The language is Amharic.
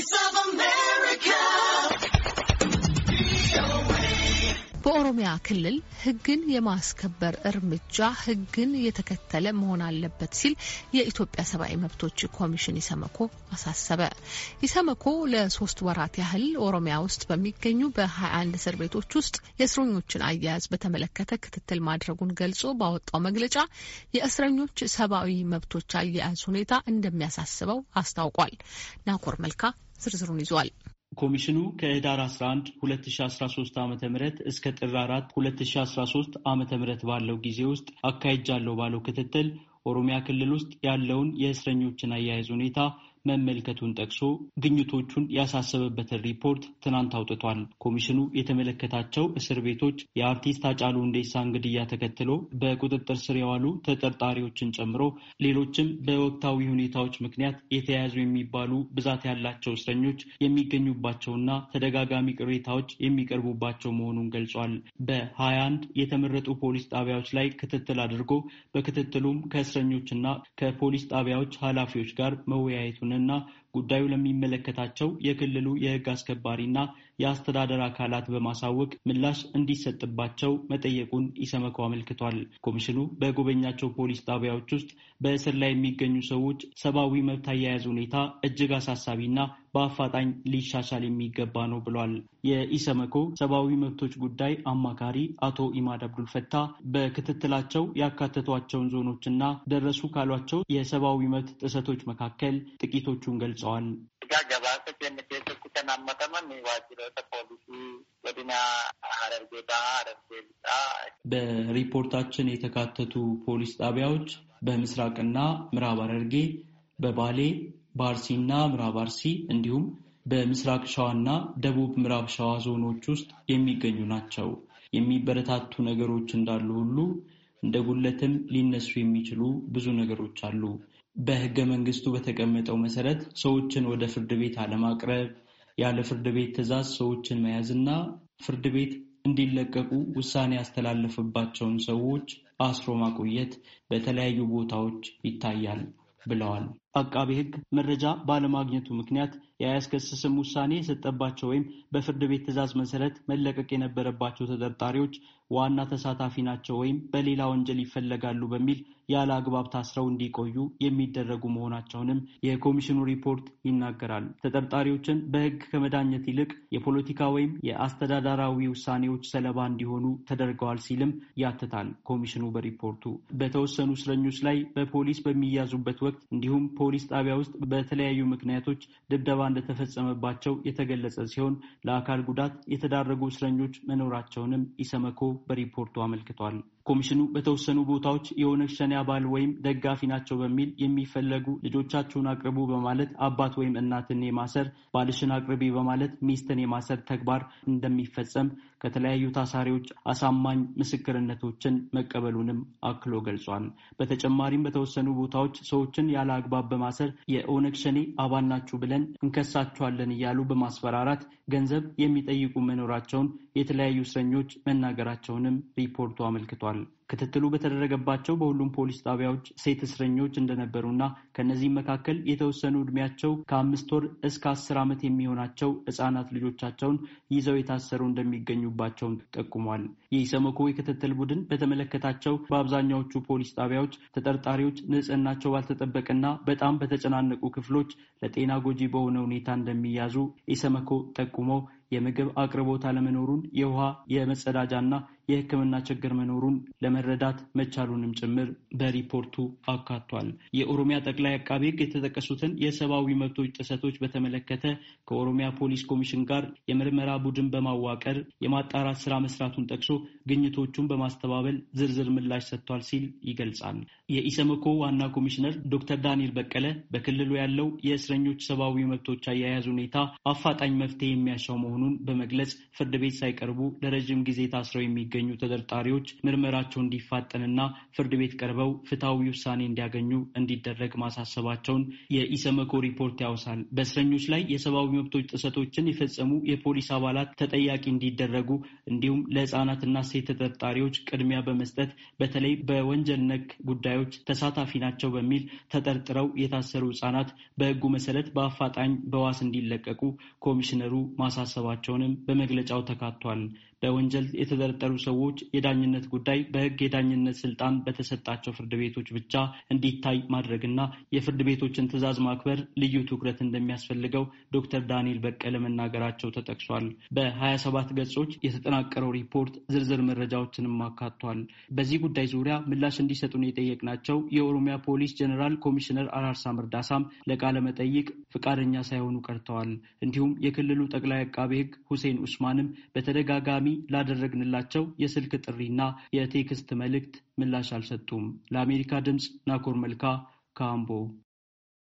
voice of በኦሮሚያ ክልል ህግን የማስከበር እርምጃ ህግን የተከተለ መሆን አለበት ሲል የኢትዮጵያ ሰብአዊ መብቶች ኮሚሽን ኢሰመኮ አሳሰበ። ኢሰመኮ ለሶስት ወራት ያህል ኦሮሚያ ውስጥ በሚገኙ በ21 እስር ቤቶች ውስጥ የእስረኞችን አያያዝ በተመለከተ ክትትል ማድረጉን ገልጾ ባወጣው መግለጫ የእስረኞች ሰብአዊ መብቶች አያያዝ ሁኔታ እንደሚያሳስበው አስታውቋል። ናኮር መልካ ዝርዝሩን ይዟል። ኮሚሽኑ ከህዳር 11 2013 ዓ ም እስከ ጥር 4 2013 ዓ ም ባለው ጊዜ ውስጥ አካሂጃለሁ ባለው ክትትል ኦሮሚያ ክልል ውስጥ ያለውን የእስረኞችን አያያዝ ሁኔታ መመልከቱን ጠቅሶ ግኝቶቹን ያሳሰበበትን ሪፖርት ትናንት አውጥቷል። ኮሚሽኑ የተመለከታቸው እስር ቤቶች የአርቲስት አጫሉ ሁንዴሳን ግድያ ተከትሎ በቁጥጥር ስር የዋሉ ተጠርጣሪዎችን ጨምሮ ሌሎችም በወቅታዊ ሁኔታዎች ምክንያት የተያያዙ የሚባሉ ብዛት ያላቸው እስረኞች የሚገኙባቸውና ተደጋጋሚ ቅሬታዎች የሚቀርቡባቸው መሆኑን ገልጿል። በሀያ አንድ የተመረጡ ፖሊስ ጣቢያዎች ላይ ክትትል አድርጎ በክትትሉም ከእስረኞችና ከፖሊስ ጣቢያዎች ኃላፊዎች ጋር መወያየቱን መሆኑንና ጉዳዩ ለሚመለከታቸው የክልሉ የህግ አስከባሪና የአስተዳደር አካላት በማሳወቅ ምላሽ እንዲሰጥባቸው መጠየቁን ኢሰመኮ አመልክቷል። ኮሚሽኑ በጎበኛቸው ፖሊስ ጣቢያዎች ውስጥ በእስር ላይ የሚገኙ ሰዎች ሰብአዊ መብት አያያዝ ሁኔታ እጅግ አሳሳቢና በአፋጣኝ ሊሻሻል የሚገባ ነው ብሏል። የኢሰመኮ ሰብአዊ መብቶች ጉዳይ አማካሪ አቶ ኢማድ አብዱልፈታ በክትትላቸው ያካተቷቸውን ዞኖችና ደረሱ ካሏቸው የሰብአዊ መብት ጥሰቶች መካከል ጥቂቶቹን ገልጸዋል። በሪፖርታችን የተካተቱ ፖሊስ ጣቢያዎች በምስራቅና ምዕራብ ሐረርጌ፣ በባሌ፣ ባርሲና ምዕራብ አርሲ እንዲሁም በምስራቅ ሸዋና ደቡብ ምዕራብ ሸዋ ዞኖች ውስጥ የሚገኙ ናቸው። የሚበረታቱ ነገሮች እንዳሉ ሁሉ እንደ ጉለትም ሊነሱ የሚችሉ ብዙ ነገሮች አሉ። በህገ መንግስቱ በተቀመጠው መሰረት ሰዎችን ወደ ፍርድ ቤት አለማቅረብ፣ ያለ ፍርድ ቤት ትዕዛዝ ሰዎችን መያዝና ፍርድ ቤት እንዲለቀቁ ውሳኔ ያስተላለፈባቸውን ሰዎች አስሮ ማቆየት በተለያዩ ቦታዎች ይታያል ብለዋል። አቃቤ ሕግ መረጃ ባለማግኘቱ ምክንያት የአያስከስስም ውሳኔ የሰጠባቸው ወይም በፍርድ ቤት ትዕዛዝ መሰረት መለቀቅ የነበረባቸው ተጠርጣሪዎች ዋና ተሳታፊ ናቸው ወይም በሌላ ወንጀል ይፈለጋሉ በሚል ያለ አግባብ ታስረው እንዲቆዩ የሚደረጉ መሆናቸውንም የኮሚሽኑ ሪፖርት ይናገራል። ተጠርጣሪዎችን በሕግ ከመዳኘት ይልቅ የፖለቲካ ወይም የአስተዳደራዊ ውሳኔዎች ሰለባ እንዲሆኑ ተደርገዋል ሲልም ያትታል ኮሚሽኑ በሪፖርቱ በተወሰኑ እስረኞች ላይ በፖሊስ በሚያዙበት ወቅት እንዲሁም ፖሊስ ጣቢያ ውስጥ በተለያዩ ምክንያቶች ድብደባ እንደተፈጸመባቸው የተገለጸ ሲሆን ለአካል ጉዳት የተዳረጉ እስረኞች መኖራቸውንም ኢሰመኮ በሪፖርቱ አመልክቷል። ኮሚሽኑ በተወሰኑ ቦታዎች የኦነግ ሸኔ አባል ወይም ደጋፊ ናቸው በሚል የሚፈለጉ ልጆቻችሁን አቅርቡ በማለት አባት ወይም እናትን የማሰር ባልሽን አቅርቢ በማለት ሚስትን የማሰር ተግባር እንደሚፈጸም ከተለያዩ ታሳሪዎች አሳማኝ ምስክርነቶችን መቀበሉንም አክሎ ገልጿል። በተጨማሪም በተወሰኑ ቦታዎች ሰዎችን ያለ አግባብ በማሰር የኦነግ ሸኔ አባል ናችሁ ብለን እንከሳችኋለን እያሉ በማስፈራራት ገንዘብ የሚጠይቁ መኖራቸውን የተለያዩ እስረኞች መናገራቸውንም ሪፖርቱ አመልክቷል። ክትትሉ በተደረገባቸው በሁሉም ፖሊስ ጣቢያዎች ሴት እስረኞች እንደነበሩና ከእነዚህም መካከል የተወሰኑ እድሜያቸው ከአምስት ወር እስከ አስር ዓመት የሚሆናቸው ህጻናት ልጆቻቸውን ይዘው የታሰሩ እንደሚገኙባቸውን ጠቁሟል። የኢሰመኮ የክትትል ቡድን በተመለከታቸው በአብዛኛዎቹ ፖሊስ ጣቢያዎች ተጠርጣሪዎች ንጽህናቸው ባልተጠበቀና በጣም በተጨናነቁ ክፍሎች ለጤና ጎጂ በሆነ ሁኔታ እንደሚያዙ ኢሰመኮ ጠቁመው የምግብ አቅርቦት አለመኖሩን፣ የውሃ የመጸዳጃና የሕክምና ችግር መኖሩን ለመረዳት መቻሉንም ጭምር በሪፖርቱ አካቷል። የኦሮሚያ ጠቅላይ አቃቤ ሕግ የተጠቀሱትን የሰብአዊ መብቶች ጥሰቶች በተመለከተ ከኦሮሚያ ፖሊስ ኮሚሽን ጋር የምርመራ ቡድን በማዋቀር የማጣራት ስራ መስራቱን ጠቅሶ ግኝቶቹን በማስተባበል ዝርዝር ምላሽ ሰጥቷል ሲል ይገልጻል። የኢሰመኮ ዋና ኮሚሽነር ዶክተር ዳንኤል በቀለ በክልሉ ያለው የእስረኞች ሰብአዊ መብቶች አያያዝ ሁኔታ አፋጣኝ መፍትሄ የሚያሻው መሆኑን በመግለጽ ፍርድ ቤት ሳይቀርቡ ለረዥም ጊዜ ታስረው የሚገኙ የሚገኙ ተጠርጣሪዎች ምርመራቸው እንዲፋጠንና ፍርድ ቤት ቀርበው ፍትሐዊ ውሳኔ እንዲያገኙ እንዲደረግ ማሳሰባቸውን የኢሰመኮ ሪፖርት ያውሳል። በእስረኞች ላይ የሰብአዊ መብቶች ጥሰቶችን የፈጸሙ የፖሊስ አባላት ተጠያቂ እንዲደረጉ እንዲሁም ለህፃናትና ሴት ተጠርጣሪዎች ቅድሚያ በመስጠት በተለይ በወንጀል ነክ ጉዳዮች ተሳታፊ ናቸው በሚል ተጠርጥረው የታሰሩ ህጻናት በህጉ መሰረት በአፋጣኝ በዋስ እንዲለቀቁ ኮሚሽነሩ ማሳሰባቸውንም በመግለጫው ተካቷል። በወንጀል የተጠረጠሩ ሰዎች የዳኝነት ጉዳይ በህግ የዳኝነት ስልጣን በተሰጣቸው ፍርድ ቤቶች ብቻ እንዲታይ ማድረግና የፍርድ ቤቶችን ትዕዛዝ ማክበር ልዩ ትኩረት እንደሚያስፈልገው ዶክተር ዳንኤል በቀለ መናገራቸው ተጠቅሷል። በ በ27 ገጾች የተጠናቀረው ሪፖርት ዝርዝር መረጃዎችንም አካቷል። በዚህ ጉዳይ ዙሪያ ምላሽ እንዲሰጡን የጠየቅናቸው የኦሮሚያ ፖሊስ ጀኔራል ኮሚሽነር አራርሳ መርዳሳም ለቃለ መጠይቅ ፈቃደኛ ሳይሆኑ ቀርተዋል። እንዲሁም የክልሉ ጠቅላይ አቃቤ ህግ ሁሴን ኡስማንም በተደጋጋሚ ላደረግንላቸው የስልክ ጥሪና የቴክስት መልእክት ምላሽ አልሰጡም። ለአሜሪካ ድምፅ ናኮር መልካ ካምቦ